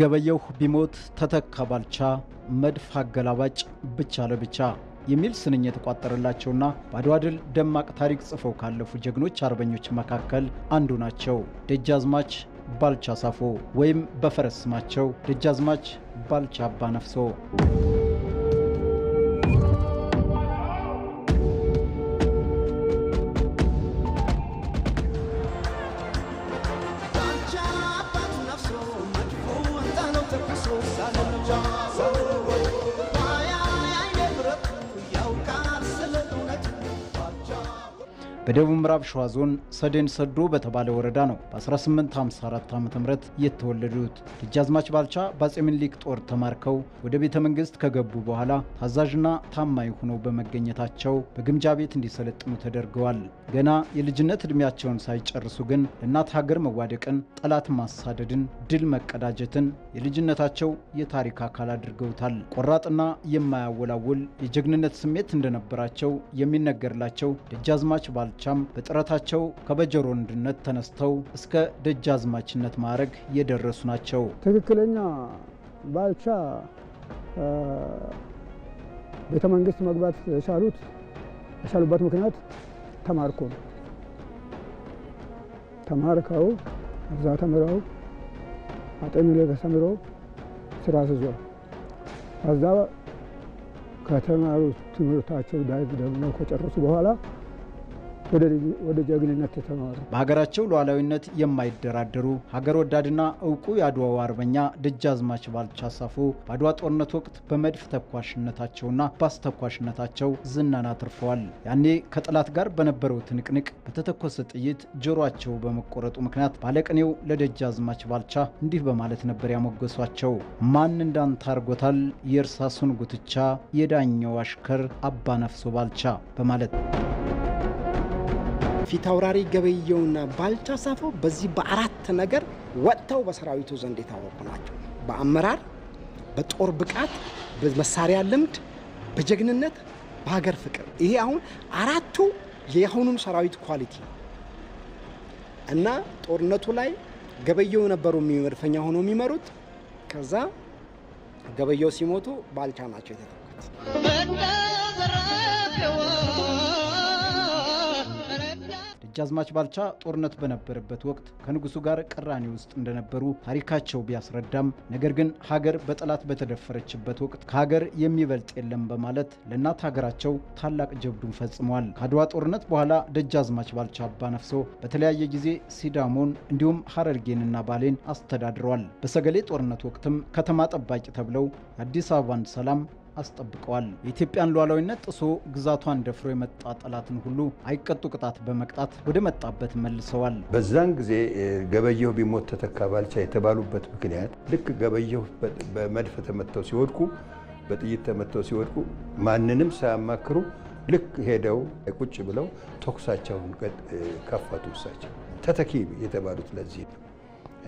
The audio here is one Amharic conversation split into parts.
ገበየሁ ቢሞት ተተካ ባልቻ መድፍ አገላባጭ ብቻ ለብቻ የሚል ስንኝ የተቋጠረላቸውና በአድዋ ድል ደማቅ ታሪክ ጽፈው ካለፉ ጀግኖች አርበኞች መካከል አንዱ ናቸው። ደጃዝማች ባልቻ ሳፎ ወይም በፈረስ ስማቸው ደጃዝማች ባልቻ አባ ነፍሶ በደቡብ ምዕራብ ሸዋ ዞን ሰዴን ሰዶ በተባለ ወረዳ ነው በ1854 ዓ ም የተወለዱት። ደጃዝማች ባልቻ በአጼ ምኒልክ ጦር ተማርከው ወደ ቤተ መንግስት ከገቡ በኋላ ታዛዥና ታማኝ ሆነው በመገኘታቸው በግምጃ ቤት እንዲሰለጥኑ ተደርገዋል። ገና የልጅነት ዕድሜያቸውን ሳይጨርሱ ግን ለእናት ሀገር መዋደቅን፣ ጠላት ማሳደድን፣ ድል መቀዳጀትን የልጅነታቸው የታሪክ አካል አድርገውታል። ቆራጥና የማያወላውል የጀግንነት ስሜት እንደነበራቸው የሚነገርላቸው ደጃዝማች ባልቻ ዳርቻም በጥረታቸው ከበጀሮ ወንድነት ተነስተው እስከ ደጃዝማችነት ማዕረግ የደረሱ ናቸው። ትክክለኛ ባልቻ ቤተ መንግስት መግባት የቻሉት የቻሉበት ምክንያት ተማርኮ ነው። ተማርከው እዛ ተምረው አጤ ምኒልክ ተምረው ስራ ስዟል። ከዛ ከተማሩ ትምህርታቸው ዳይ ደግሞ ከጨረሱ በኋላ ወደ ጀግንነት የተማሩ በሀገራቸው ሉዓላዊነት የማይደራደሩ ሀገር ወዳድና እውቁ የአድዋው አርበኛ ደጃዝማች ባልቻ ሳፎ በአድዋ ጦርነት ወቅት በመድፍ ተኳሽነታቸውና በአስተኳሽነታቸው ዝናን አትርፈዋል። ያኔ ከጠላት ጋር በነበረው ትንቅንቅ በተተኮሰ ጥይት ጆሮአቸው በመቆረጡ ምክንያት ባለቅኔው ለደጃዝማች ባልቻ እንዲህ በማለት ነበር ያሞገሷቸው። ማን እንዳንተ አርጎታል የእርሳሱን ጉትቻ የዳኘው አሽከር አባ ነፍሶ ባልቻ በማለት ፊት አውራሪ ገበየውና ባልቻ ሳፎ በዚህ በአራት ነገር ወጥተው በሰራዊቱ ዘንድ የታወቁ ናቸው። በአመራር፣ በጦር ብቃት፣ በመሳሪያ ልምድ፣ በጀግንነት፣ በሀገር ፍቅር። ይሄ አሁን አራቱ የአሁኑም ሰራዊት ኳሊቲ ነው እና ጦርነቱ ላይ ገበየው ነበሩ መድፈኛ ሆኖ የሚመሩት። ከዛ ገበየው ሲሞቱ ባልቻ ናቸው የተተኩት። ደጃዝማች ባልቻ ጦርነት በነበረበት ወቅት ከንጉሱ ጋር ቅራኔ ውስጥ እንደነበሩ ታሪካቸው ቢያስረዳም ነገር ግን ሀገር በጠላት በተደፈረችበት ወቅት ከሀገር የሚበልጥ የለም በማለት ለእናት ሀገራቸው ታላቅ ጀብዱን ፈጽመዋል። ከአድዋ ጦርነት በኋላ ደጃዝማች ባልቻ አባ ነፍሶ በተለያየ ጊዜ ሲዳሞን እንዲሁም ሀረርጌንና ባሌን አስተዳድረዋል። በሰገሌ ጦርነት ወቅትም ከተማ ጠባቂ ተብለው የአዲስ አበባን ሰላም አስጠብቀዋል። የኢትዮጵያን ሉዓላዊነት ጥሶ ግዛቷን ደፍሮ የመጣ ጠላትን ሁሉ አይቀጡ ቅጣት በመቅጣት ወደ መጣበት መልሰዋል። በዛን ጊዜ ገበየሁ ቢሞት ተተካ ባልቻ የተባሉበት ምክንያት ልክ ገበየሁ በመድፍ ተመተው ሲወድቁ፣ በጥይት ተመተው ሲወድቁ ማንንም ሳያማክሩ ልክ ሄደው ቁጭ ብለው ተኩሳቸውን ከፈቱ። እሳቸው ተተኪ የተባሉት ለዚህ ነው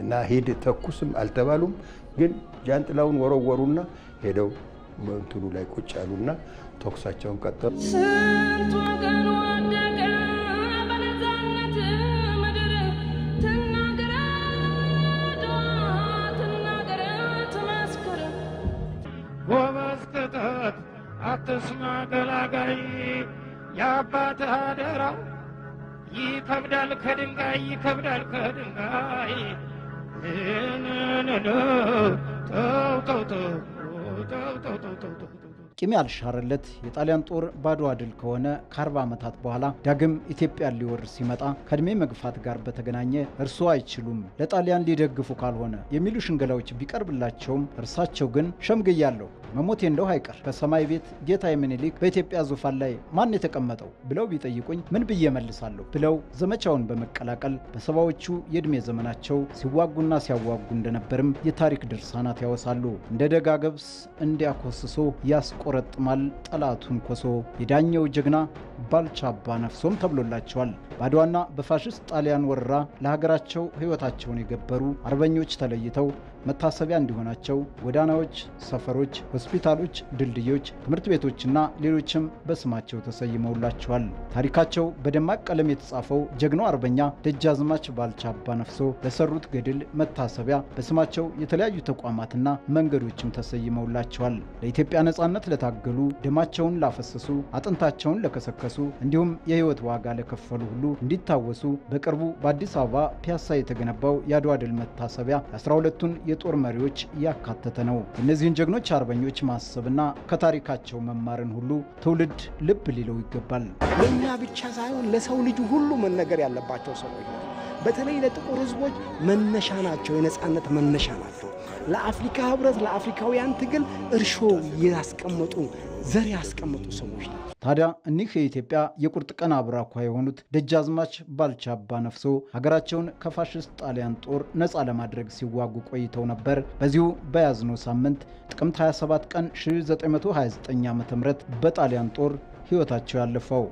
እና ሂድ ተኩስም አልተባሉም፣ ግን ጃንጥላውን ወረወሩና ሄደው እንትኑ ላይ ቁጭ ያሉና ተኩሳቸውን ቀጠሉ። አትስማ ገላጋይ የአባት አደራው ይከብዳል ከድንጋይ ይከብዳል ከድንጋይ ተው ተው ተው do do do do do do. ቂም ያልሻረለት የጣሊያን ጦር ባዶ ድል ከሆነ ከ40 ዓመታት በኋላ ዳግም ኢትዮጵያን ሊወር ሲመጣ ከእድሜ መግፋት ጋር በተገናኘ እርሶ አይችሉም ለጣሊያን ሊደግፉ ካልሆነ የሚሉ ሽንገላዎች ቢቀርብላቸውም እርሳቸው ግን ሸምግያለሁ፣ መሞቴ እንደው አይቀር በሰማይ ቤት ጌታ የምኒልክ በኢትዮጵያ ዙፋን ላይ ማን የተቀመጠው ብለው ቢጠይቁኝ ምን ብዬ መልሳለሁ ብለው ዘመቻውን በመቀላቀል በሰባዎቹ የዕድሜ ዘመናቸው ሲዋጉና ሲያዋጉ እንደነበርም የታሪክ ድርሳናት ያወሳሉ። እንደ ደጋገብስ እንዲያኮስሶ ያስቆ ያቆረጥማል ጠላቱን ኮሶ። የዳኘው ጀግና ባልቻባ ነፍሶም ተብሎላቸዋል። በአድዋና በፋሽስት ጣሊያን ወረራ ለሀገራቸው ሕይወታቸውን የገበሩ አርበኞች ተለይተው መታሰቢያ እንዲሆናቸው ጎዳናዎች፣ ሰፈሮች፣ ሆስፒታሎች፣ ድልድዮች፣ ትምህርት ቤቶችና ሌሎችም በስማቸው ተሰይመውላቸዋል። ታሪካቸው በደማቅ ቀለም የተጻፈው ጀግናው አርበኛ ደጃዝማች ባልቻ ነፍሶ ለሰሩት ገድል መታሰቢያ በስማቸው የተለያዩ ተቋማትና መንገዶችም ተሰይመውላቸዋል። ለኢትዮጵያ ነጻነት ለታገሉ፣ ደማቸውን ላፈሰሱ፣ አጥንታቸውን ለከሰከሱ እንዲሁም የህይወት ዋጋ ለከፈሉ ሁሉ እንዲታወሱ በቅርቡ በአዲስ አበባ ፒያሳ የተገነባው የአድዋ ድል መታሰቢያ የ12ቱን የጦር መሪዎች ያካተተ ነው። እነዚህን ጀግኖች አርበኞች ማሰብና ከታሪካቸው መማርን ሁሉ ትውልድ ልብ ሊለው ይገባል። ለእኛ ብቻ ሳይሆን ለሰው ልጅ ሁሉ መነገር ያለባቸው ሰዎች ናቸው። በተለይ ለጥቁር ሕዝቦች መነሻ ናቸው። የነፃነት መነሻ ናቸው። ለአፍሪካ ህብረት፣ ለአፍሪካውያን ትግል እርሾ ያስቀመጡ ዘር ያስቀመጡ ሰዎች ናቸው። ታዲያ እኒህ የኢትዮጵያ የቁርጥ ቀን አብራኳ የሆኑት ደጃዝማች ባልቻ አባ ነፍሶ ሀገራቸውን ከፋሽስት ጣሊያን ጦር ነፃ ለማድረግ ሲዋጉ ቆይተው ነበር። በዚሁ በያዝነው ሳምንት ጥቅምት 27 ቀን 1929 ዓ ም በጣሊያን ጦር ሕይወታቸው ያለፈው